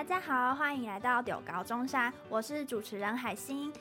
大家好，歡迎來到《中猴中山》，我是主持人海星。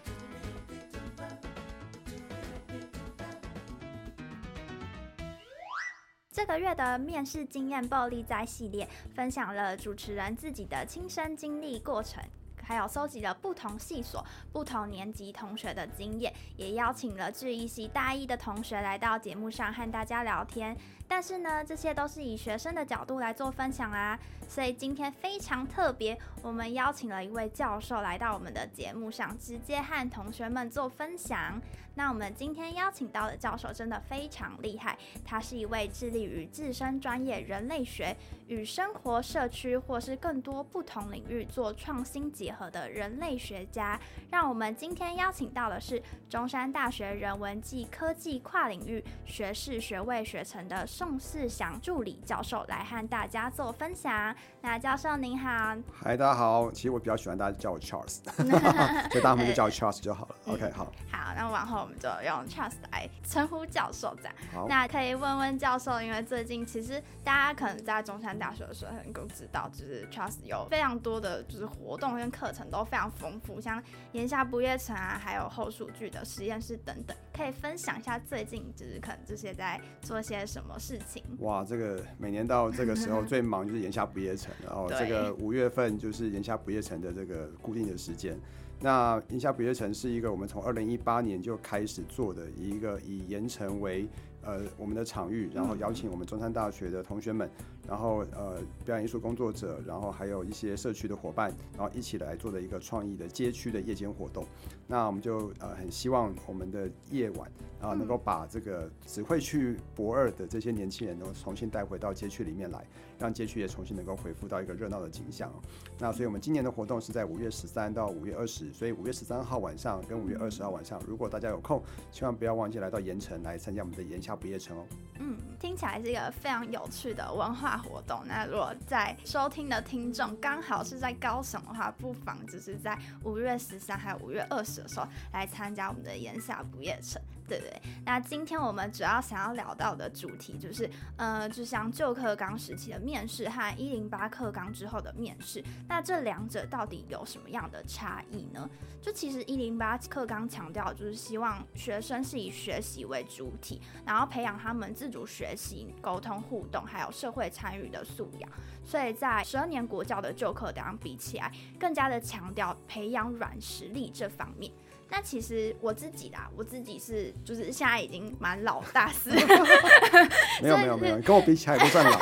這個月的面試經驗報你知系列，分享了主持人自己的親身經歷過程，還有收集了不同系所、不同年級同學的經驗，也邀請了劇藝系大一的同學來到節目上和大家聊天。但是呢，這些都是以學生的角度來做分享啊，所以今天非常特別，我們邀請了一位教授來到我們的節目上，直接和同學們做分享。那我們今天邀請到的教授真的非常厲害，他是一位致力於自身專業人類學與生活社區或是更多不同領域做創新結合的人類學家。讓我們今天邀請到的是中山大學人文暨科技跨領域學士學位學程的。宋世祥助理教授來和大家做分享。那、啊、教授您好，嗨，大家好，其實我比較喜歡大家叫我 Charles， 所以大家，我們就叫我 Charles 就好了、 嗯。OK 好。好，那往後我們就用 Charles 來稱呼教授這樣，那可以問問教授，因為最近其實大家可能在中山大學的時候能夠知道，就是 Charles 有非常多的，就是活動跟課程都非常豐富，像鹽夏不夜埕啊，還有後數據的實驗室等等，可以分享一下最近就是可能這些在做些什麼事情？哇，這個每年到這個時候最忙就是鹽夏不夜埕。 然後，這個五月份就是鹽夏不夜埕的這個固定的時間。那鹽夏不夜埕是一個我們從二零一八年就開始做的一個以鹽埕為呃我們的場域，然後邀請我們中山大學的同學們。然後呃，表演藝術工作者，然後還有一些社區的夥伴，然後一起來做的一個創意的街區的夜間活動。那我們就呃很希望我們的夜晚啊、呃，能夠把這個只會去駁二的這些年輕人，能夠重新帶回到街區裡面來，讓街區也重新能夠恢復到一個熱鬧的景象哦。那所以我們今年的活動是在五月十三到五月二十，所以五月十三號晚上跟五月二十號晚上，如果大家有空，千萬不要忘記來到鹽埕來參加我們的鹽夏不夜埕哦。嗯，聽起來是一個非常有趣的文化，活動。那，如果在收聽的聽眾剛好是在高雄的話，不妨就是在五月十三還有五月二十的時候來參加我們的鹽夏不夜城，對不對？那今天我們主要想要聊到的主題就是，呃，就像舊課綱時期的面試和一零八課綱之後的面試，那這兩者到底有什麼樣的差異呢？就其實一零八課綱強調就是希望學生是以學習為主體，然後培養他們自主學習、溝通互動還有社會參與的素養，所以在十二年國教的舊課綱比起來，更加的強調培養軟實力這方面。那其實我自己啦，我自己是就是現在已經蠻老大師， 沒有，就是了，沒有沒有沒有，跟我比起來也不算老。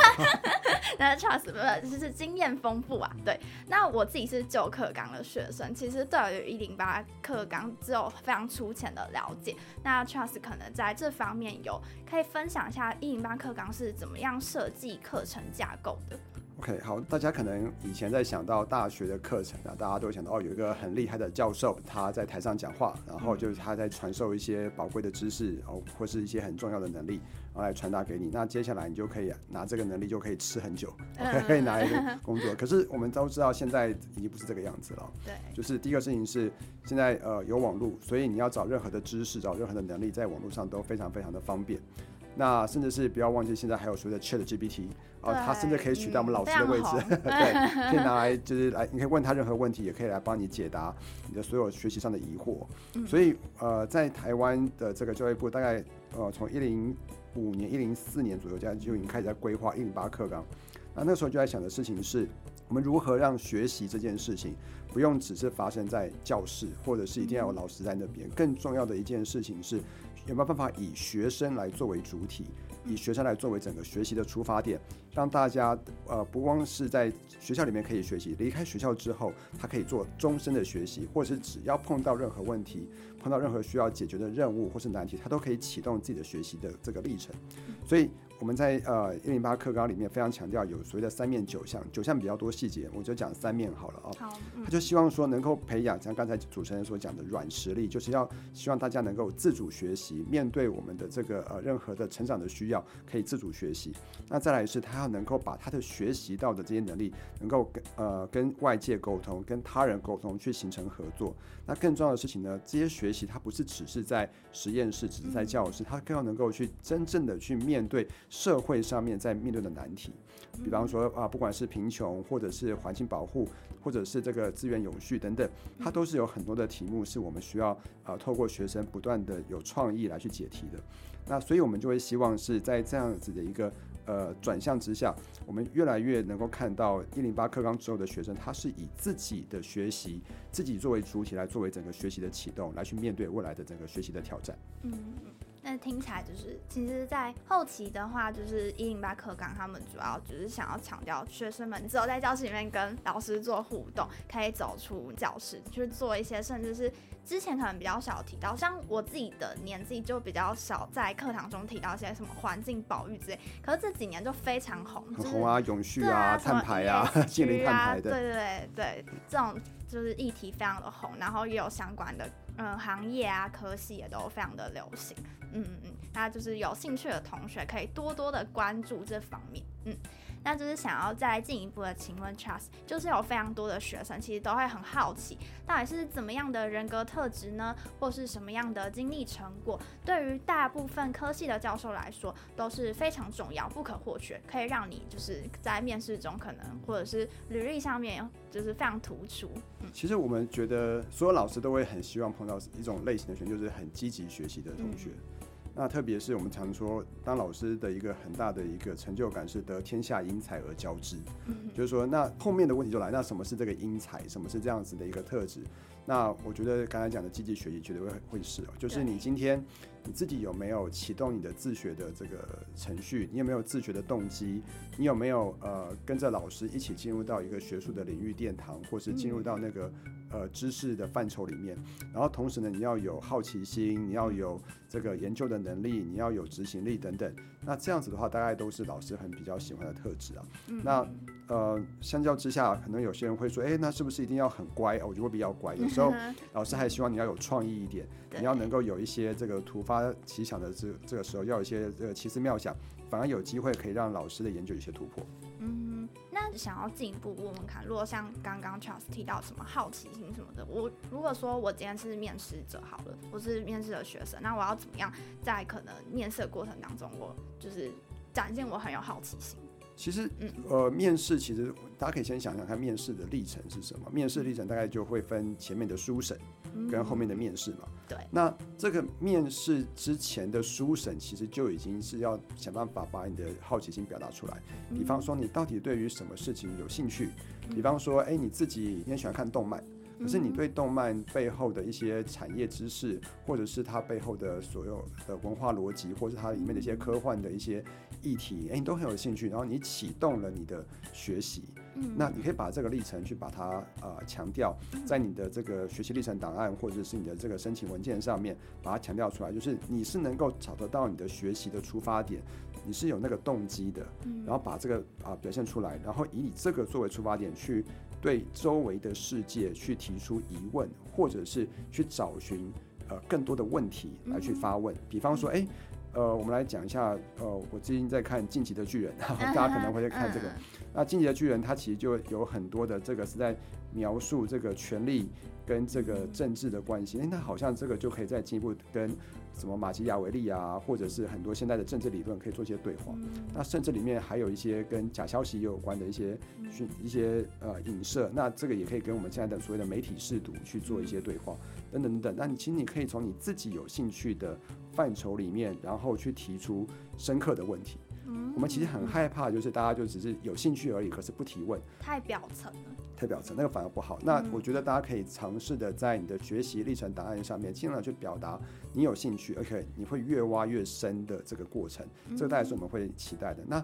那 Charles 不是就是經驗豐富啊？對，那我自己是舊課綱的學生，其實對於一零八課綱只有非常粗淺的了解。那 Charles 可能在這方面有可以分享一下一零八課綱是怎麼樣設計課程架構的？OK，好，大家可能以前在想到大學的課程啊，大家都會想到哦，有一個很厲害的教授，他在台上講話，然後就是他在傳授一些寶貴的知識，哦，或是一些很重要的能力，然後來傳達給你。那接下來你就可以拿這個能力，就可以吃很久，嗯、okay, 可以拿來工作。 可是我們都知道，現在已經不是這個樣子了。對，就是第一個事情是，現在呃有網絡，所以你要找任何的知識，找任何的能力，在網絡上都非常非常的方便。那甚至是不要忘記，現在還有所謂的 ChatGPT，啊，它甚至可以取代我們老師的位置，嗯、 對，可以拿來就是來，你可以問他任何問題，也可以來幫你解答你的所有學習上的疑惑、嗯。所以，呃，在台灣的這個教育部，大概呃從一零五年、一零四年左右，這樣就已經開始在規劃一零八課綱。那那時候就在想的事情是，我們如何讓學習這件事情，不用只是發生在教室，或者是一定要有老師在那邊、嗯。更重要的一件事情是，有沒有辦法以學生來作為主體，以學生來作為整個學習的出發點，讓大家呃不光是在學校裡面可以學習，離開學校之後，他可以做終身的學習，或者是只要碰到任何問題、碰到任何需要解決的任務或是難題，他都可以啟動自己的學習的這個歷程，所以。我們在呃一零八課綱裡面非常強調有所謂的三面九項，九項比較多細節，我就講三面好了啊。好、嗯，他就希望說能夠培養像剛才主持人所講的軟實力，就是要希望大家能夠自主學習，面對我們的這個呃任何的成長的需要可以自主學習。那再來是，他要能夠把他的學習到的這些能力能夠跟呃跟外界溝通，跟他人溝通去形成合作。那更重要的事情呢，這些學習它不是只是在實驗室，只是在教室，嗯、他更要能夠去真正的去面對。社會上面在面對的難題，比方說啊，不管是貧窮，或者是環境保護，或者是這個資源有序等等，它都是有很多的題目，是我們需要呃、啊，透過學生不斷的有創意來去解題的。那所以我們就會希望是在這樣子的一個呃轉向之下，我們越來越能夠看到一零八課綱之後的學生，他是以自己的學習，自己作為主體來作為整個學習的啟動，來去面對未來的整個學習的挑戰。嗯。那聽起來就是，其實，在後期的話，就是一零八課綱，他們主要就是想要強調學生們只有在教室裡面跟老師做互動，可以走出教室去做一些，甚至是之前可能比較少提到，像我自己的年紀就比較少在課堂中提到一些什麼環境保育之類。可是這幾年就非常紅，就是、很紅啊，永續啊，碳排啊，淨零碳排的，對對對對，這種就是議題非常的紅，然後也有相關的。嗯，行業啊，科系也都非常的流行。嗯嗯嗯，那、嗯、就是有興趣的同學可以多多的關注這方面。嗯。那就是想要再進一步的請問，trust，就是有非常多的學生其實都會很好奇，到底是怎麼樣的人格特質呢，或是什麼樣的經歷成果，對於大部分科系的教授來說都是非常重要、不可或缺，可以讓你就是在面試中可能或者是履歷上面就是非常突出。其實我們覺得所有老師都會很希望碰到一種類型的學生，就是很積極學習的同學。嗯那特別是我們常說，當老師的一個很大的一個成就感是得天下英才而教之，就是說，那後面的問題就來，那什麼是這個英才？什麼是這樣子的一個特質？那我覺得剛才講的積極學習絕對會會是哦，就是你今天你自己有沒有啟動你的自學的這個程序？你有沒有自學的動機？你有沒有呃跟着老師一起進入到一個學術的領域殿堂，或是進入到那個呃知識的範疇裡面？嗯。然後同時呢，你要有好奇心，你要有這個研究的能力，你要有執行力等等。那這樣子的話，大概都是老師很比較喜歡的特質啊。嗯。那。呃，相較之下，可能有些人會說，哎、欸，那是不是一定要很乖？我覺得會比較乖。有時候 老師還希望你要有創意一點，你要能夠有一些這個突發奇想的這這個時候要有一些這個奇思妙想，反而有機會可以讓老師的研究有些突破。嗯，那想要進一步，我們看，如果像剛剛 Charles 提到什麼好奇心什麼的，我如果說我今天是面試者好了，我是面試的學生，那我要怎麼樣在可能面試的過程當中，我就是展現我很有好奇心？其實，呃，面試其實大家可以先想想看，面試的歷程是什麼？面試歷程大概就會分前面的書審，跟後面的面試嘛、嗯。對。那這個面試之前的書審，其實就已經是要想辦法把你的好奇心表達出來。比方說，你到底對於什麼事情有興趣？比方說，誒、欸，你自己你也喜歡看動漫。可是你對動漫背後的一些產業知識，或者是它背後的所有的文化邏輯，或者是它裡面的一些科幻的一些議題，誒、欸，你都很有興趣，然後你啟動了你的學習，嗯，那你可以把這個歷程去把它啊強調在你的這個學習歷程檔案，或者是你的這個申請文件上面，把它強調出來，就是你是能夠找得到你的學習的出發點，你是有那個動機的，然後把這個啊、呃、表現出來，然後以你這個作為出發點去。對周圍的世界去提出疑問，或者是去找尋呃更多的問題來去發問。比方說，誒、欸，呃，我們來講一下，呃，我最近在看《進擊的巨人》，大家可能會在看這個。那《進擊的巨人》它其實就有很多的這個是在描述這個權力跟這個政治的關係。誒、欸，那好像這個就可以再進一步跟。什麼馬基雅維利啊，或者是很多現在的政治理論，可以做一些對話，嗯。那甚至裡面還有一些跟假消息有關的一些，嗯、一些呃影射，那這個也可以跟我們現在的所謂的媒體識讀，去做一些對話，嗯、等、等等等。那你其實你可以從你自己有興趣的範疇裡面，然後去提出深刻的問題。嗯嗯嗯嗯，我們其實很害怕，就是大家就只是有興趣而已，可是不提問，太表層了。特表層，那個反而不好。那我覺得大家可以嘗試的，在你的學習歷程檔案上面儘量去表達你有興趣，OK，你會越挖越深的這個過程，這個、大概是我們會期待的。那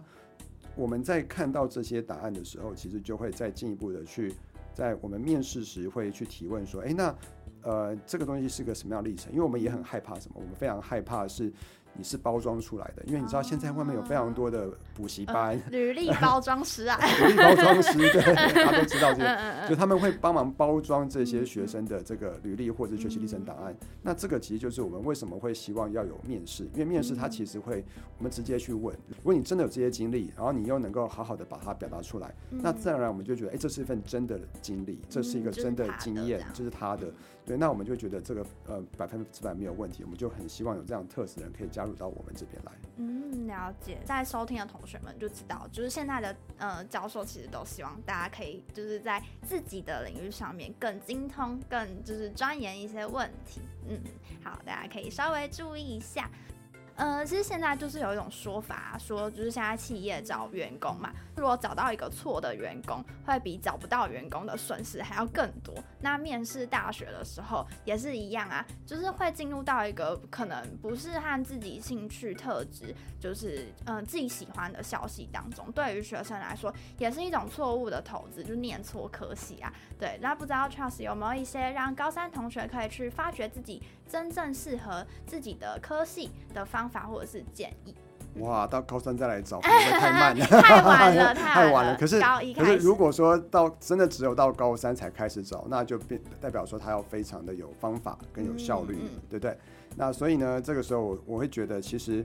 我們在看到這些答案的時候，其實就會再進一步的去，在我們面試時會去提問說：，哎、欸，那呃，這個東西是個什麼樣的歷程？因為我們也很害怕什麼，我們非常害怕是。你是包裝出來的，因為你知道現在外面有非常多的補習班，呃、履歷包裝師啊， 履歷包裝師，對，他 都知道這些、個、 就他們會幫忙包裝這些學生的這個履歷或者學習歷程檔案、嗯。那這個其實就是我們為什麼會希望要有面試，因為面試他其實會、嗯，我們直接去問，如果你真的有這些經歷，然後你又能夠好好的把它表達出來、嗯，那自然而然我們就覺得，誒、欸，這是一份真的經歷，這是一個真的經驗，嗯、這、就是他的。那我們就覺得這個呃、百分之百沒有問題，我們就很希望有這樣特質的人可以加入到我們這邊來。嗯，了解。在收聽的同學們就知道，就是現在的呃教授其實都希望大家可以就是在自己的領域上面更精通，更就是鑽研一些問題。嗯，好，大家可以稍微注意一下。呃，其實現在就是有一種說法、啊，說就是現在企業招員工嘛，如果找到一個錯的員工，會比找不到員工的損失還要更多。那面試大學的時候也是一樣啊，就是會進入到一個可能不是和自己興趣特質，就是嗯、呃、自己喜歡的消息當中。對於學生來說，也是一種錯誤的投資，就念錯科系啊。對，那不知道 Charles 有沒有一些讓高三同學可以去發掘自己。真正適合自己的科系的方法或者是建議。哇，到高三再來找，太慢了， 太晚了， 了，太晚了。可是，可是如果說到真的只有到高三才開始找，那就變代表說他要非常的有方法跟有效率，嗯嗯、對不對？那所以呢，這個時候我我會覺得，其實，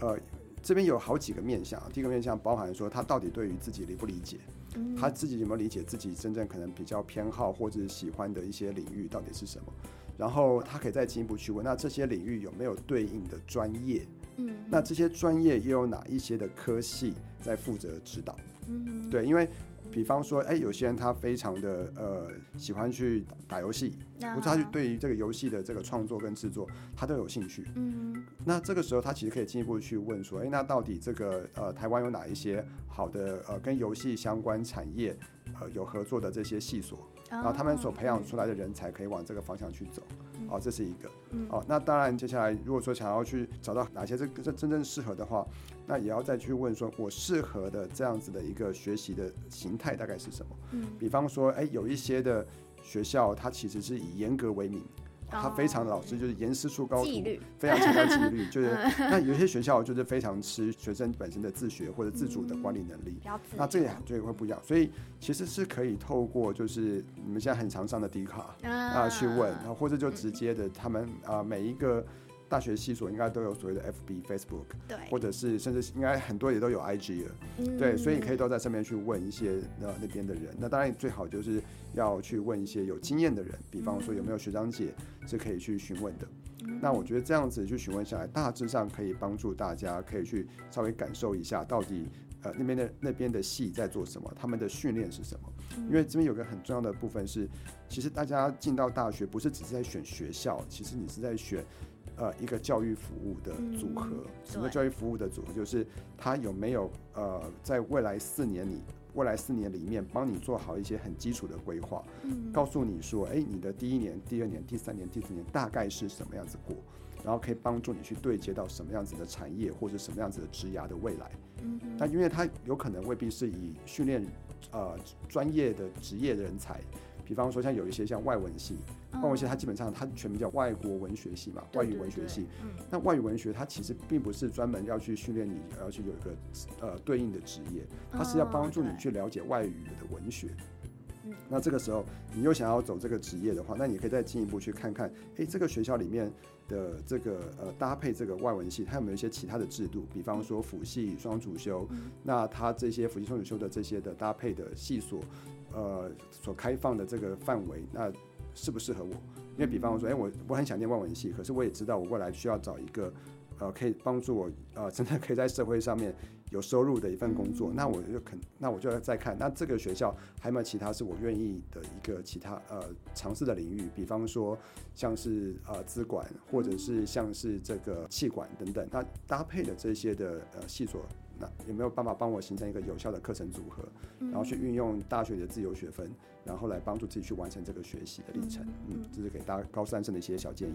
呃，這邊有好幾個面向。第一個面向包含說他到底對於自己理不理解、嗯，他自己有沒有理解自己真正可能比較偏好或者是喜歡的一些領域到底是什麼？然後他可以再進一步去問，那這些領域有沒有對應的專業？嗯，那這些專業又有哪一些的科系在負責指導？嗯，對，因為比方說，誒，有些人他非常的呃喜歡去打遊戲，那、嗯、他對於這個遊戲的這個創作跟製作，他都有興趣。嗯，那這個時候他其實可以進一步去問說，誒，那到底這個呃台灣有哪一些好的呃跟遊戲相關產業呃有合作的這些系所？然後，他們所培養出來的人才可以往這個方向去走，哦，這是一個，哦，那當然，接下來如果說想要去找到哪些這這真正適合的話，那也要再去問說，我適合的這樣子的一個學習的形態大概是什麼？比方說，誒，有一些的學校，它其實是以嚴格為名。Oh, 他非常老師就是嚴師出高徒，非常強調紀律。就是 那有些學校就是非常吃學生本身的自學或者自主的管理能力。嗯、那這個這個會不一樣，所以其實是可以透過就是你們現在很常上的 D 卡啊、呃、去問，或者就直接的他們啊、嗯呃、每一個。大學系所應該都有所謂的 FB Facebook，對，或者是甚至應該很多也都有 IG 了、嗯，對，所以你可以都在上面去問一些那那邊的人。那當然最好就是要去問一些有經驗的人，比方說有沒有學長姐是可以去詢問的、嗯。那我覺得這樣子去詢問下來，大致上可以幫助大家可以去稍微感受一下到底呃那邊的那邊的系在做什麼，他們的訓練是什麼。嗯、因為這邊有個很重要的部分是，其實大家進到大學不是只是在選學校，其實你是在選。呃，一個教育服務的組合，嗯、什麼教育服務的組合？就是他有沒有呃，在未來四年裡，未來四年裡面，幫你做好一些很基礎的規劃、嗯，告訴你說，誒，你的第一年、第二年、第三年、第四年大概是什麼樣子過，然後可以幫助你去對接到什麼樣子的產業或者什麼樣子的職涯的未來。嗯、但那因為它有可能未必是以訓練呃專業的職業的人才，比方說像有一些像外文系。外文系它基本上它全名叫外國文學系嘛，對對對外語文學系、嗯。那外語文學它其實並不是專門要去訓練你，要去有一個呃對應的職業，它是要幫助你去了解外語的文學、嗯。那這個時候你又想要走這個職業的話，那你可以再進一步去看看，哎、欸，這個學校裡面的這個呃搭配這個外文系，它有沒有一些其他的制度？比方說輔系雙主修、嗯，那它這些輔系雙主修的這些的搭配的系所，呃，所開放的這個範圍，那。適不適合我？因為比方說，誒、欸，我我很想念外文系，可是我也知道我未來需要找一個，呃，可以幫助我，呃，真的可以在社會上面有收入的一份工作。那我就肯，那我就要再看，那這個學校還有沒有其他是我願意的一個其他呃嘗試的領域？比方說像是呃資管，或者是像是這個企管等等，那搭配的這些的呃系所。系也沒有辦法幫我形成一個有效的課程組合，嗯、然後去運用大學的自由學分，然後來幫助自己去完成這個學習的歷程。嗯，這、嗯就是給大家高三生的一些小建議。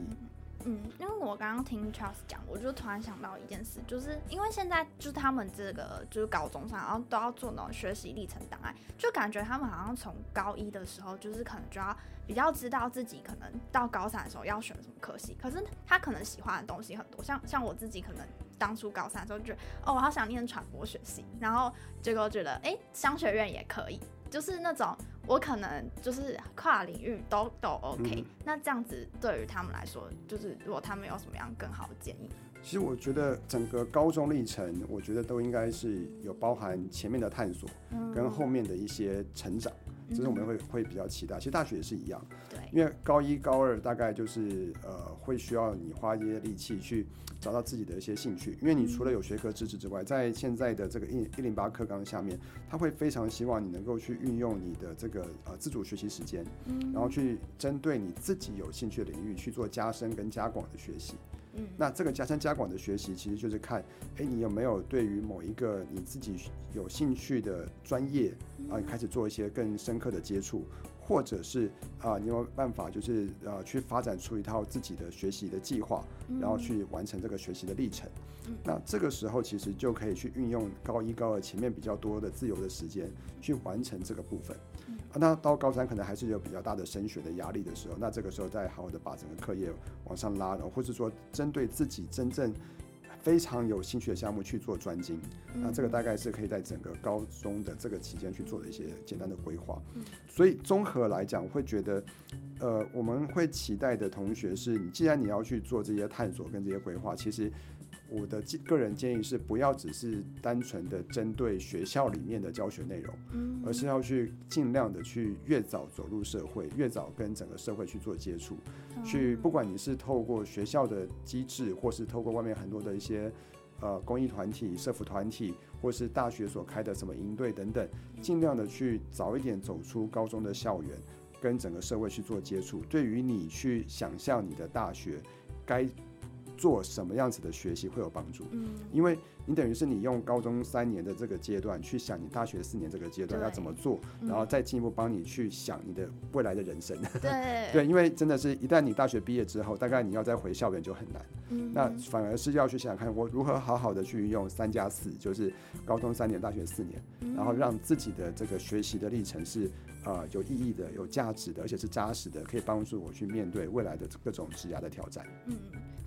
嗯，因為我剛剛聽 Charles 講，我就突然想到一件事，就是因為現在就是他們這個就是高中生，然後都要做那種學習歷程檔案，就感覺他們好像從高一的時候，就是可能就要比較知道自己可能到高三的時候要選什麼科系，可是他可能喜歡的東西很多，像像我自己可能。當初高三的時候，覺得哦，我好想念傳播學系，然後結果覺得哎、欸，商學院也可以，就是那種我可能就是跨領域都都 OK、嗯。那這樣子對於他們來說，就是如果他們有什麼樣更好的建議，其實我覺得整個高中歷程，我覺得都應該是有包含前面的探索，跟後面的一些成長，嗯、這是我們會會比較期待。其實大學也是一樣。對。因為高一、高二大概就是呃，會需要你花一些力氣去找到自己的一些興趣。因為你除了有學科知識之外，在現在的這個一、一零八課綱下面，他會非常希望你能夠去運用你的這個呃自主學習時間，然後去針對你自己有興趣的領域去做加深跟加廣的學習。嗯，那這個加深加廣的學習，其實就是看，誒、欸，你有沒有對於某一個你自己有興趣的專業啊，你開始做一些更深刻的接觸。或者是啊、呃，你有辦法就是呃，去發展出一套自己的學習的計劃，嗯，然後去完成這個學習的歷程，嗯。那這個時候其實就可以去運用高一、高二前面比較多的自由的時間，去完成這個部分、嗯。那到高三可能還是有比較大的升學的壓力的時候，那這個時候再好好的把整個課業往上拉，然後或者說針對自己真正。非常有興趣的項目去做專精，那這個大概是可以在整個高中的這個期間去做的一些簡單的規劃。所以綜合來講，我會覺得，呃，我們會期待的同學是，你既然你要去做這些探索跟這些規劃，其實。我的個人建議是，不要只是單純的針對學校裡面的教學內容，嗯，而是要去儘量的去越早走入社會，越早跟整個社會去做接觸，嗯，去不管你是透過學校的機制，或是透過外面很多的一些呃公益團體、社福團體，或是大學所開的什麼營隊等等，儘量的去早一點走出高中的校園，跟整個社會去做接觸。對於你去想象你的大學，該。做什麼樣子的學習會有幫助、嗯？因為你等於是你用高中三年的這個階段去想你大學四年這個階段要怎麼做，嗯、然後再進一步幫你去想你的未來的人生。對 對，因為真的是一旦你大學畢業之後，大概你要再回校園就很難、嗯。那反而是要去想看我如何好好的去用三加四，就是高中三年、大學四年、嗯，然後讓自己的這個學習的歷程是、呃、有意義的、有價值的，而且是扎實的，可以幫助我去面對未來的各種職業的挑戰。嗯。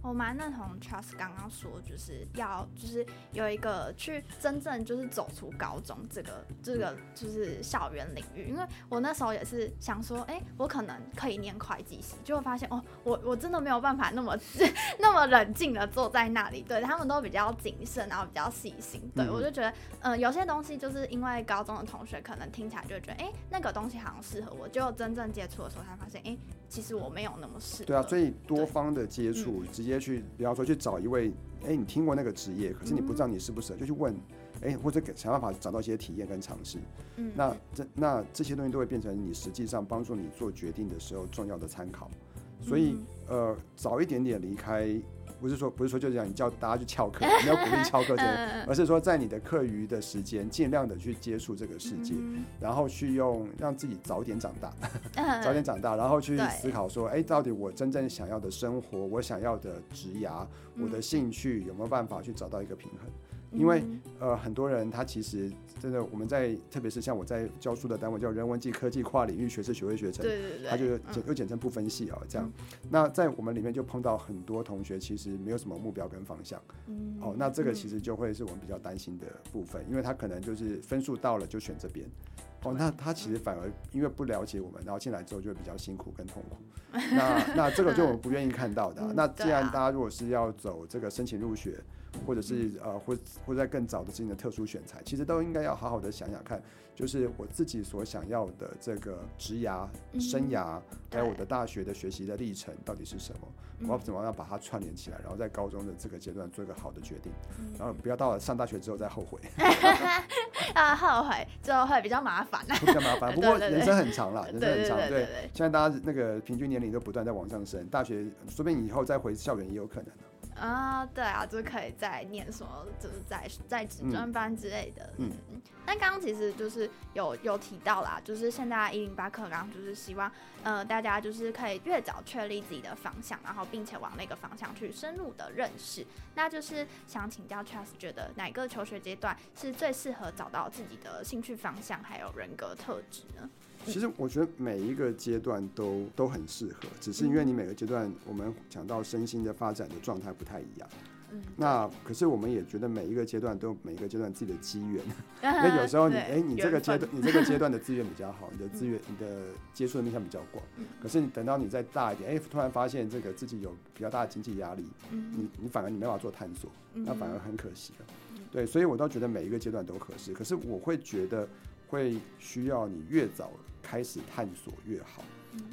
我蠻認同 Trust 剛剛說，就是要就是有一個去真正就是走出高中這個這個就是校園領域，因為我那時候也是想說，哎、欸，我可能可以念會計系，就會發現哦，我我真的沒有辦法那麼 那麼冷靜的坐在那裡，對他們都比較謹慎，然後比較細心，對、嗯、我就覺得，嗯、呃，有些東西就是因為高中的同學可能聽起來就覺得，哎、欸，那個東西好像適合我，結果真正接觸的時候才發現，哎、欸。其實我沒有那麼適合。對啊，所以多方的接觸，直接去、嗯，比方說去找一位，哎、欸，你聽過那個職業，可是你不知道你是不是、嗯、就去問，哎、欸，或者想辦法找到一些體驗跟嘗試。嗯。那這那這些東西都會變成你實際上幫助你做決定的時候重要的參考。所以、嗯、呃，早一點點離開。不是說不是說，就這樣你叫大家去翹課，你要鼓勵翹課，對，而是說在你的課餘的時間，盡量的去接觸這個世界，嗯、然後去用讓自己早點長大呵呵，早點長大，然後去思考說，哎、嗯，到底我真正想要的生活，我想要的職涯，我的興趣、嗯、有沒有辦法去找到一個平衡？因為呃，很多人他其實真的，我們在特別是像我在教書的單位叫人文暨科技跨領域學士學位學程，他就簡、嗯、又簡稱不分系啊這樣、嗯。那在我們裡面就碰到很多同學，其實沒有什麼目標跟方向。嗯。哦，那這個其實就會是我們比較擔心的部分，嗯、因為他可能就是分數到了就選這邊。哦，那他其實反而因為不了解我們，然後進來之後就會比較辛苦跟痛苦。嗯、那那這個就我們不願意看到的、啊嗯。那既然大家如果是要走這個申請入學。或者是呃，或或在更早的進行的特殊選材，其實都應該要好好的想想看，就是我自己所想要的這個職涯、生涯、嗯，還有我的大學的學習的歷程到底是什麼，嗯、我要怎麼樣把它串聯起來，然後在高中的這個階段做一個好的決定、嗯，然後不要到了上大學之後再後悔。嗯、 啊，後悔之後會比較麻煩。 比較麻煩，不過人生很長啦，人生很長。對對，對，對，對。現在大家那個平均年齡都不斷在往上升，大學說不定以後再回校園也有可能。啊、oh，對啊，就可以再念什麼，說就是在在職專班之類的嗯。嗯，但剛剛其實就是有有提到啦，就是現在一零八課綱就是希望，呃，大家就是可以越早確立自己的方向，然後並且往那個方向去深入的認識。那就是想請教 Charles 覺得哪個求學階段是最適合找到自己的興趣方向還有人格特質呢？ 其實我覺得每一個階段都都很適合，只是因為你每個階段，我們講到身心的發展的狀態不太一樣。嗯。那可是我們也覺得每一個階段都有每一個階段自己的機緣，那、嗯、有時候你哎、欸，你這個階段你這個階段的資源比較好，你的資源、嗯、你的接觸的面向比較廣、嗯。可是你等到你再大一點，哎、欸，突然發現這個自己有比較大的經濟壓力，嗯、你你反而你沒法做探索，嗯、那反而很可惜了、啊嗯。對，所以我倒覺得每一個階段都合適，可是我會覺得會需要你越早。開始探索越好，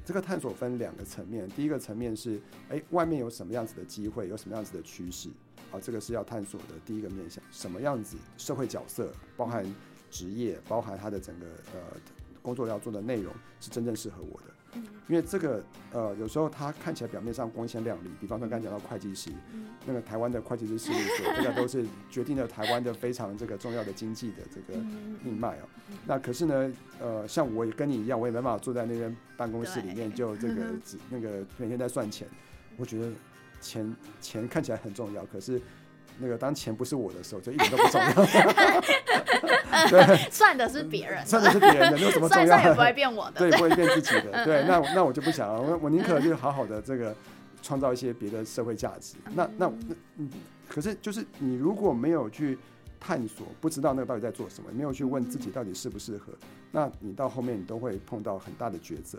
這個探索分兩個層面。第一個層面是，哎，外面有什麼樣子的機會，有什麼樣子的趨勢，好，這個是要探索的第一個面向。什麼樣子社會角色，包含職業，包含他的整個呃工作要做的內容，是真正適合我的。因為這個，呃，有時候它看起來表面上光鮮亮麗，比方說剛才講到會計師、嗯，那個台灣的會計師事務所，這個都是決定了台灣的非常這個重要的經濟的這個命脈哦、喔嗯。那可是呢，呃，像我也跟你一樣，我也沒辦法坐在那邊辦公室裡面就這個只那個每天在算錢。我覺得錢錢看起來很重要，可是。那個當錢不是我的時候，就一點都不重要。 對，算的是別人，算的是別人的，沒有什麼重要，不會變我的， 對，不會變自己的。對，那我那我就不想了，我我寧可就好好的這個創造一些別的社會價值。 那那那，可是就是你如果沒有去。探索，不知道那個到底在做什麼，沒有去問自己到底適不適合，嗯、那你到後面你都會碰到很大的抉擇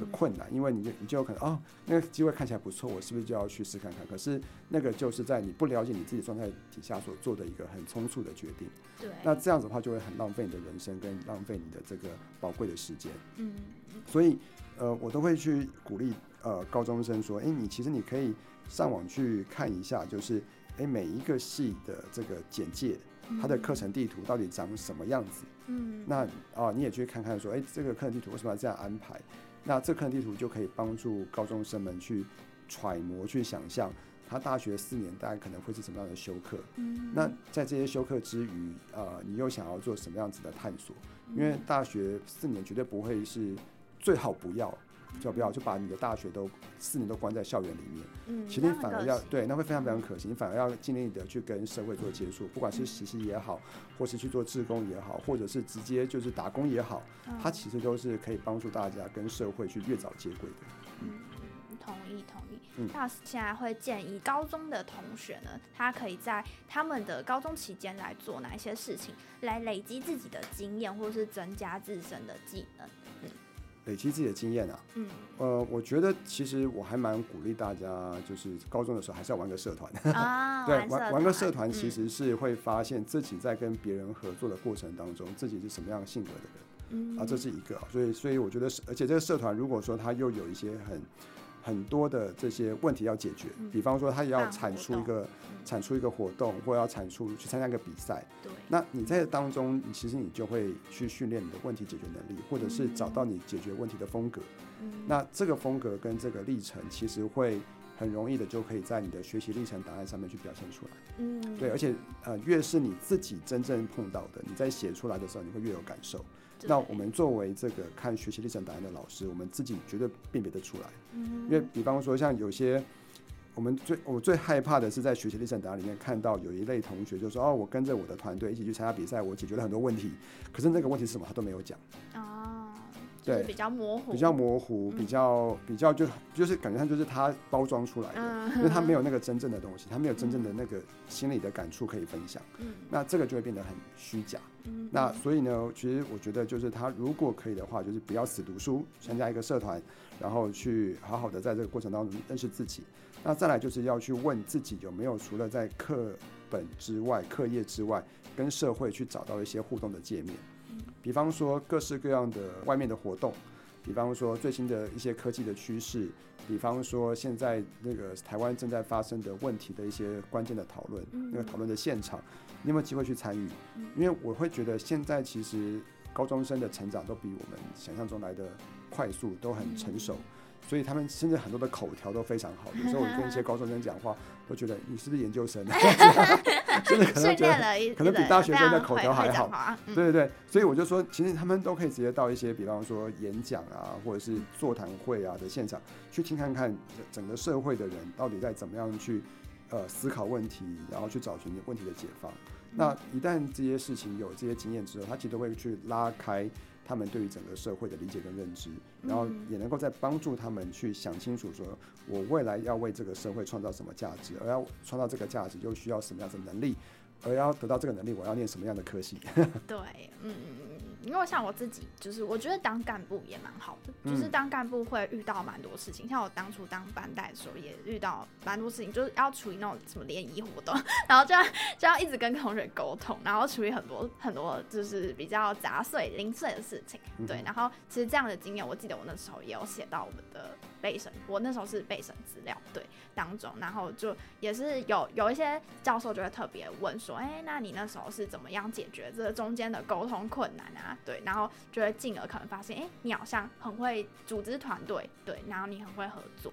的困難，嗯、因為你就你就有可能哦，那個機會看起來不錯，我是不是就要去試看看？可是那個就是在你不了解你自己狀態底下所做的一個很倉促的決定。對，那這樣子的話就會很浪費你的人生，跟浪費你的這個寶貴的時間。嗯，所以呃，我都會去鼓勵呃高中生說，哎，你其實你可以上網去看一下，就是誒每一個系的這個簡介。他的課程地圖到底長什麼樣子？嗯，那啊，你也去看看說，哎、欸，這個課程地圖為什麼要這樣安排？那這課程地圖就可以幫助高中生們去揣摩、去想象，他大學四年大概可能會是什麼樣的修課，嗯。那在這些修課之餘，呃，你又想要做什麼樣子的探索？因為大學四年絕對不會是最好不要。就不要就把你的大學都四年都關在校園裡面，嗯，其實反而要對，那會非常非常可惜。你反而要盡力的去跟社會做接觸、嗯，不管是實習也好，或是去做志工也好，或者是直接就是打工也好，嗯、它其實都是可以幫助大家跟社會去越早接軌的。嗯。嗯，同意同意。那、嗯、現在會建議高中的同學呢，他可以在他們的高中期間來做哪些事情，來累積自己的經驗，或是增加自身的技能。嗯。累積自己的經驗啊、嗯，呃，我覺得其實我還蠻鼓勵大家，就是高中的時候還是要玩個社團，啊、 對，玩玩，玩個社團其實是會發現自己在跟別人合作的過程當中，嗯、自己是什麼樣性格的人，啊，這是一個、啊，所以所以我覺得，而且這個社團如果說他又有一些很很多的這些問題要解決，嗯、比方說他也要產出一個、啊、產出一個活動，嗯、或者要產出去參加一個比賽。對，那你在當中，其實你就會去訓練你的問題解決能力、嗯，或者是找到你解決問題的風格。嗯，那這個風格跟這個歷程，其實會很容易的就可以在你的學習歷程檔案上面去表現出來。嗯，對，而且呃，越是你自己真正碰到的，你在寫出來的時候，你會越有感受。那我們作為這個看學習歷程檔案的老師，我們自己絕對辨別得出來。嗯，因為比方說像有些，我們最我最害怕的是在學習歷程檔案裡面看到有一類同學，就說哦，我跟着我的團隊一起去參加比賽，我解決了很多問題，可是那個問題是什麼他都沒有講。哦對，就是、比較模糊，比較模糊，比、嗯、較比較，比較就就是感覺上就是它包裝出來的，嗯、因為它沒有那個真正的東西，它、嗯、沒有真正的那個心理的感觸可以分享。嗯，那這個就會變得很虛假。嗯，那所以呢，其實我覺得就是他如果可以的話，就是不要死讀書，參加一個社團，然後去好好的在這個過程當中認識自己。那再來就是要去問自己有沒有除了在課本之外、課業之外，跟社會去找到一些互動的界面。比方說各式各樣的外面的活動，比方說最新的一些科技的趨勢，比方說現在那個台灣正在發生的問題的一些關鍵的討論，那個討論的現場，你有沒有機會去參與？因為我會覺得現在其實高中生的成長都比我們想象中來的快速，都很成熟。所以他們現在很多的口條都非常好的，有時候我跟一些高中生講話，都覺得你是不是研究生？真 的可能覺得可能比大學生的口條還好。對對對，所以我就說，其實他們都可以直接到一些，比方說演講啊，或者是座談會啊的現場去聽看看，整個社會的人到底在怎麼樣去呃思考問題，然後去找尋問題的解放。那一旦這些事情有這些經驗之後，他其實都會去拉開他們對於整個社會的理解跟認知，然後也能夠再幫助他們去想清楚說，我未來要為這個社會創造什麼價值，而要創造這個價值又需要什麼樣的能力，而要得到這個能力，我要念什麼樣的科系？ 對，嗯。因為像我自己，就是我覺得當幹部也蠻好的，嗯，就是當幹部會遇到蠻多事情。像我當初當班代的時候，也遇到蠻多事情，就是要處理那種什麼聯誼活動，然後就要就要一直跟同學溝通，然後處理很多很多就是比較雜碎零碎的事情。對，嗯，然後其實這樣的經驗，我記得我那時候也有寫到我們的。備審，我那時候是備審資料對當中，然後就也是有有一些教授就會特別問說，哎、欸，那你那時候是怎麼樣解決這個中間的溝通困難啊？對，然後就會進而可能發現，哎、欸，你好像很會組織團隊，對，然後你很會合作，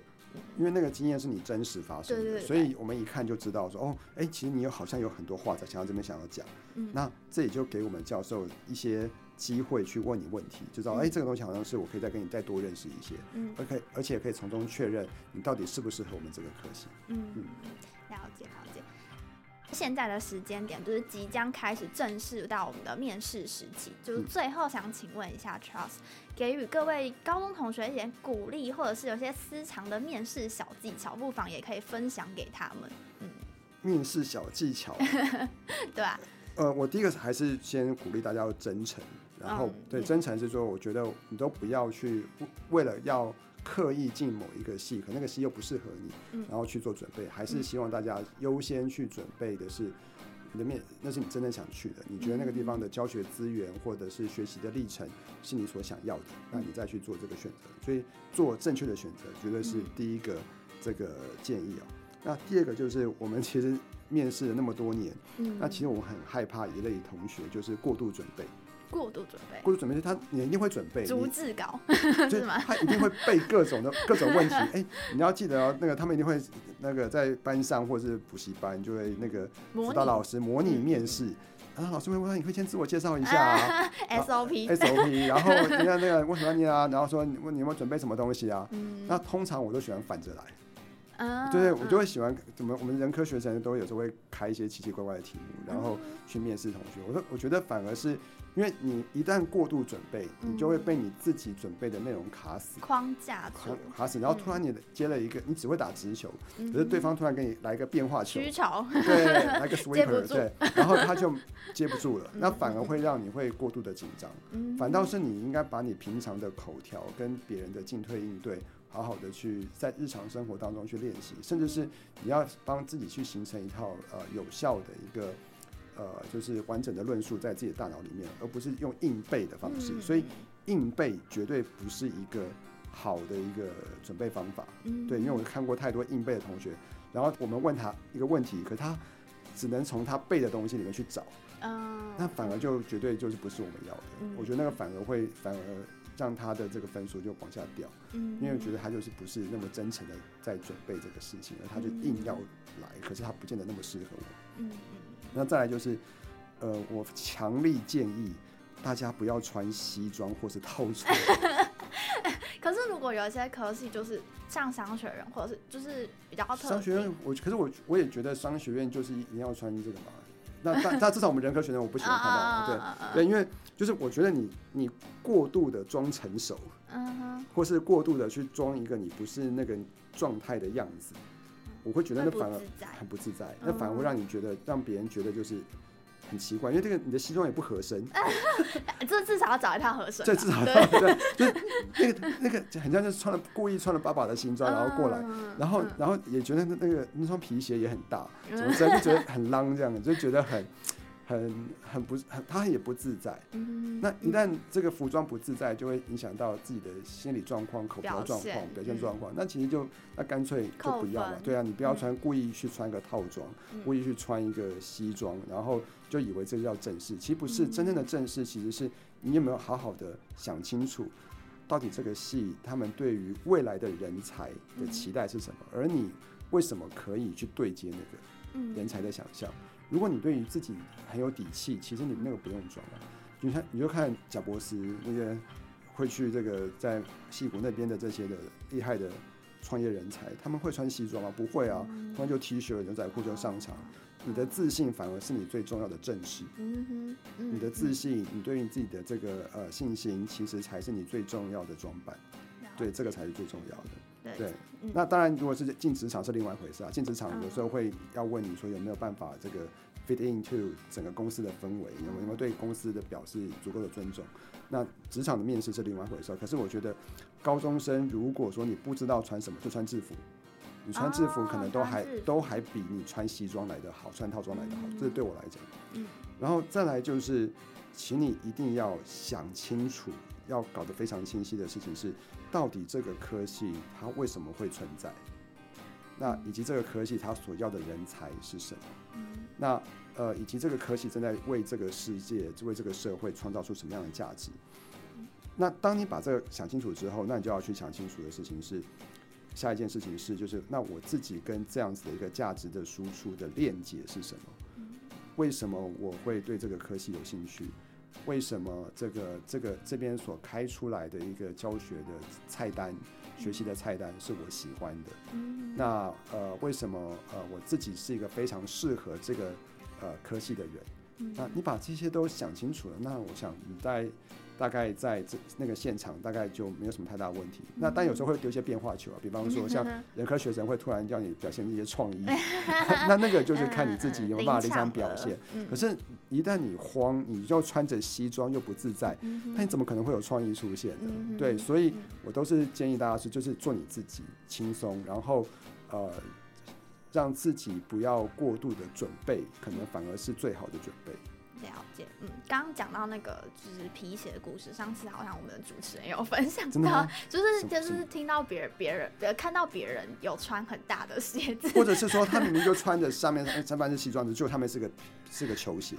因為那個經驗是你真實發生的，是是是，所以我們一看就知道說，哦，哎、欸，其實你有好像有很多話在想要這邊想要講，嗯，那這裡就給我們教授一些。機會去問你問題，就知道哎、嗯、欸，這個東西好像是我可以再跟你再多認識一些，嗯，OK，而且也可以從中確認你到底適不適合我們這個科系，嗯，嗯了解了解。現在的時間點就是即將開始正式到我們的面試時期，就是最後想請問一下 Trust，嗯、給予各位高中同學一點鼓勵，或者是有些私藏的面試小技巧，不妨也可以分享給他們。嗯，面試小技巧， 對吧、啊？呃，我第一個還是先鼓勵大家要真誠。然後，對，真誠是說，我覺得你都不要去為了要刻意進某一個系，可那個系又不適合你，然後去做準備，還是希望大家優先去準備的是你的面，那是你真的想去的。你覺得那個地方的教學資源或者是學習的歷程是你所想要的，那你再去做這個選擇。所以做正確的選擇，絕對是第一個這個建議啊、哦。那第二個就是，我們其實面試了那麼多年，嗯，那其實我很害怕一類同學就是過度準備。過度準備，過度準備就是他，你一定會準備逐字稿，就是他一定會背各種的各種問題。哎、 欸，你要記得哦、啊，那個他們一定會那個在班上或是補習班就會那個輔導老師模擬面試、嗯。啊，老師會問你可以先自我介紹一下、啊啊、？”SOP SOP，然後你要那個為什麼要念啊，然後說你問你有沒有準備什麼東西啊？嗯、那通常我都喜歡反着來。 對對、啊，我就會喜歡、嗯、怎麼我們人科學生都有時候會開一些奇奇怪怪的題目，然後去面試同學。我說我覺得反而是因為你一旦過度準備，你就會被你自己準備的內容卡死,、嗯、卡死框架卡死。然後突然你接了一個，嗯、你只會打直球、嗯，可是對方突然給你來一個變化球，虛對，來個 sweeper 對，然後他就接不住了。嗯、那反而會讓你會過度的緊張、嗯，反倒是你應該把你平常的口條跟別人的進退應對。好好的去在日常生活當中去練習，甚至是你要幫自己去形成一套呃有效的一個呃就是完整的論述在自己的大腦裡面，而不是用硬背的方式、嗯。所以硬背絕對不是一個好的一個準備方法。嗯、對，因為我看過太多硬背的同學，然後我們問他一個問題，可他只能從他背的東西裡面去找、哦，那反而就絕對就是不是我們要的。嗯、我覺得那個反而會反而。讓他的這個分數就往下掉，嗯，因為我覺得他就是不是那麼真誠的在準備這個事情，嗯，而他就硬要來，可是他不見得那麼適合我。嗯，那再來就是，呃，我強力建議大家不要穿西裝或是套裝。 可是如果有一些科系，就是像商學院，或者是就是比較特商學院，我可是我我也覺得商學院就是一定要穿這個嘛。那但但至少我們人科學程我不喜歡看到， 對、uh... 對，因為。就是我覺得你你過度的裝成熟，嗯哼，或是過度的去裝一個你不是那個狀態的樣子，uh -huh. 我會覺得那反而很不自在，uh -huh. 那反而會讓你覺得讓別人覺得就是很奇怪，uh -huh. 因為這個你的西裝也不合身，這、uh -huh. 至少要找一套合身, 合身，對，至少對對，就是那個 那個很像就是穿了故意穿了爸爸的新裝然後過來，uh -huh. 然後然後也覺得那個、那個那雙皮鞋也很大，怎麼着就覺得很浪這樣的，就覺得很。很很不很，他也不自在。嗯、那一旦這個服裝不自在，就會影響到自己的心理狀況、口條狀況、表現狀況、嗯。那其實就那乾脆就不要了。對啊，你不要穿，嗯、故意去穿個套裝、嗯，故意去穿一個西裝，然後就以為這叫正式。其實不是、嗯、真正的正式，其實是你有沒有好好的想清楚，到底這個系他們對於未來的人才的期待是什麼、嗯，而你為什麼可以去對接那個人才的想象？嗯如果你對於自己很有底氣，其實你那個不用裝了。你看，你就看賈伯斯那些會去這個在硅谷那邊的這些的厲害的創業人才，他們會穿西裝嗎？不會啊，穿就 T 恤、牛仔褲就上場。你的自信反而是你最重要的正式、嗯嗯嗯。你的自信，你對於自己的這個呃信心，其實才是你最重要的裝扮。對，這個才是最重要的。對，對、嗯，那當然，如果是進職場是另外一回事啊。進職場有時候會要問你說有沒有辦法這個 fit into 整個公司的氛圍，有沒有對公司的表示足夠的尊重。那職場的面試是另外一回事，啊，可是我覺得高中生如果說你不知道穿什麼，就穿制服。你穿制服可能都還、哦、都還比你穿西裝來得好，穿套裝來得好。這、就是、對我來講，嗯。然後再來就是，請你一定要想清楚。要搞得非常清晰的事情是，到底這個科系它為什麼會存在？那以及這個科系它所要的人才是什麼？那呃，以及這個科系正在為這個世界、為這個社會創造出什麼樣的價值？那當你把這個想清楚之後，那你就要去想清楚的事情是，下一件事情是就是，那我自己跟這樣子的一個價值的輸出的鏈結是什麼？為什麼我會對這個科系有興趣？為什麼這個這個這邊所開出來的一個教學的菜單、學習的菜單是我喜歡的？那呃，為什麼呃我自己是一個非常適合這個呃科系的人？那你把這些都想清楚了，那我想你在，大概在這那個現場，大概就沒有什麼太大問題，嗯。那但有時候會丟一些變化球啊、嗯，比方說像人科學生會突然叫你表現一些創意、嗯 啊，那那個就是看你自己有沒有辦法臨場表現。嗯、可是，一旦你慌，你就穿着西裝又不自在，那、嗯、你怎麼可能會有創意出現呢、嗯？對，所以我都是建議大家是，就是做你自己，輕鬆，然後呃，讓自己不要過度的準備，可能反而是最好的準備。了解，嗯，剛剛講到那個就是皮鞋的故事，上次好像我們的主持人有分享到、啊，就是就是聽到別人別人，人就是、看到別人有穿很大的鞋子，或者是說他明明就穿着上面上半身西裝的，就他們是個是個球鞋，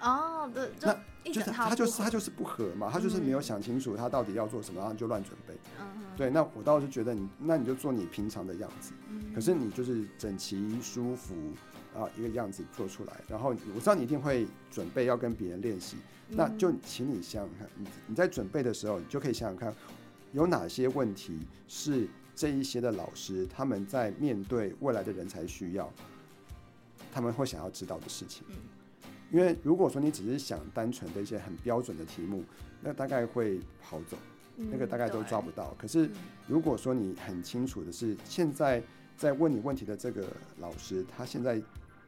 哦、oh，對，就他，一整套他就是他就是不合嘛，他就是沒有想清楚他到底要做什麼，然後就亂準備，嗯嗯，對，那我倒是覺得你那你就做你平常的樣子，嗯、可是你就是整齊舒服。啊，一個樣子做出來，然後我知道你一定會準備要跟別人練習，嗯，那就請你想想看，你你在準備的時候，你就可以想想看，有哪些問題是這一些的老師他們在面對未來的人才需要，他們會想要知道的事情。嗯。因為如果說你只是想單純的一些很標準的題目，那大概會跑走，那個大概都抓不到。嗯，可是如果說你很清楚的是，嗯，現在在問你問題的這個老師，他現在。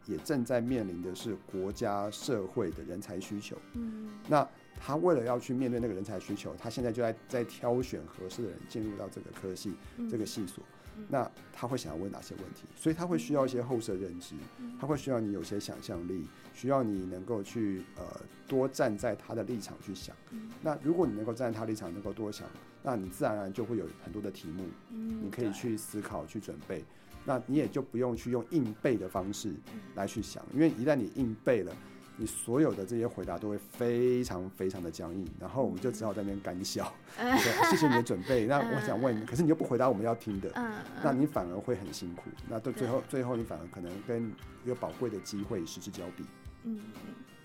也正在面臨的是國家社會的人才需求，嗯，那他為了要去面對那個人才需求，他現在就在在挑選合適的人進入到這個科系，嗯，這個系所，嗯，那他會想要問哪些問題？所以他會需要一些後設認知，嗯，他會需要你有些想象力，需要你能夠去呃多站在他的立場去想。嗯，那如果你能夠站在他立場能夠多想，那你自然而然就會有很多的題目，嗯，你可以去思考去準備。那你也就不用去用硬背的方式來去想，嗯，因為一旦你硬背了，你所有的這些回答都會非常非常的僵硬，然後我們就只好在那邊乾笑，嗯。 謝謝你的準備。 那我想問你，嗯，可是你又不回答我們要聽的，嗯，那你反而會很辛苦。嗯，那到最後，最後你反而可能跟一個寶貴的機會失之交臂。嗯。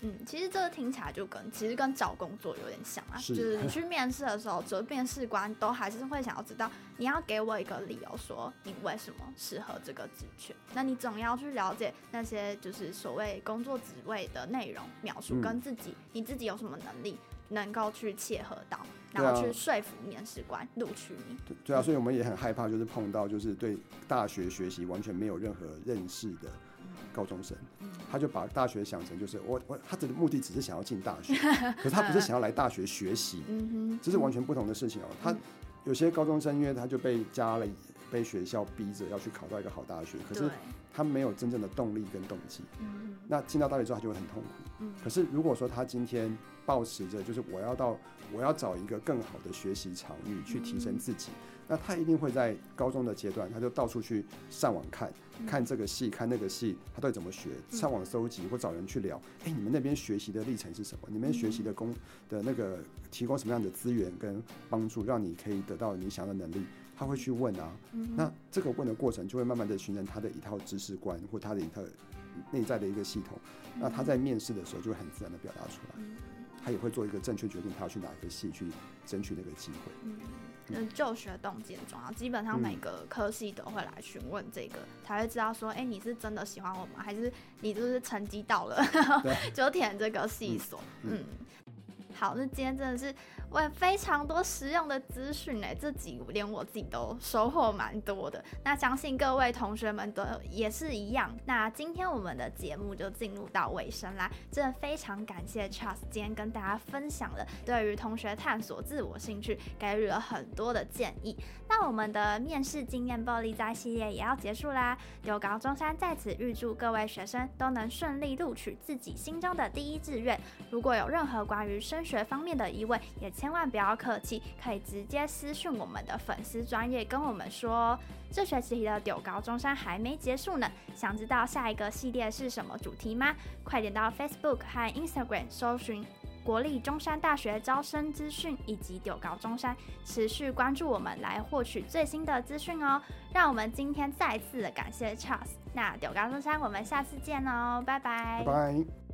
嗯，其實這個聽起來就跟其實跟找工作有點像啊，是就是你去面試的時候，只是 面試官都還是會想要知道你要給我一個理由說你為什麼適合這個職缺，那你總要去了解那些就是所謂工作職位的內容描述跟自己、嗯、你自己有什麼能力能夠去切合到、啊，然後去說服面試官錄取你。對，對啊、嗯，所以我們也很害怕就是碰到就是對大學學習完全沒有任何認識的。高中生，他就把大學想成就是我我他的目的只是想要進大學，可是他不是想要來大學學習， 這是完全不同的事情哦。嗯、他有些高中生，因為他就被家裡，被學校逼着要去考到一個好大學，可是他沒有真正的動力跟動機。那進到大學之後，他就會很痛苦、嗯。可是如果說他今天抱持著，就是我要到我要找一個更好的學習場域去提升自己。嗯嗯那他一定會在高中的階段，他就到處去上網看、嗯、看這個系，看那個系，他到底怎麼學？上網蒐集或找人去聊，哎、嗯欸，你們那邊學習的歷程是什麼？嗯、你們學習的工的那個提供什麼樣的資源跟幫助，讓你可以得到你想的能力？他會去問啊。嗯、那這個問的過程，就會慢慢的形成他的一套知識觀，或他的一套內在的一個系統。嗯、那他在面試的時候，就會很自然的表達出來、嗯。他也會做一個正確決定，他要去哪一個系去爭取那個機會。嗯就，就學動機很重要，基本上每個科系都會來詢問這個、嗯，才會知道說，哎、欸，你是真的喜歡我嗎？還是你就是，是成績到了 就填這個系所、嗯嗯。嗯，好，那今天真的是。問非常多實用的資訊呢，自己連我自己都收穫蠻多的。那相信各位同學們都也是一樣。那今天我們的節目就進入到尾聲啦，真的非常感謝 Charles 今天跟大家分享了對於同學探索自我興趣，給予了很多的建議。那我們的面試經驗報你知系列也要結束啦。有高中山在此預祝各位學生都能順利錄取自己心中的第一志願。如果有任何關於升學方面的疑問，也千萬不要客氣，可以直接私訊我們的粉絲專頁跟我們說哦。這學期的中猴中山還沒結束呢，想知道下一個系列是什麼主題嗎？快點到 Facebook 和 Instagram 搜尋國立中山大學招生資訊以及中猴中山，持續關注我們來獲取最新的資訊哦。讓我們今天再次感謝 Charles。那中猴中山，我們下次見嘍哦，拜拜。拜拜。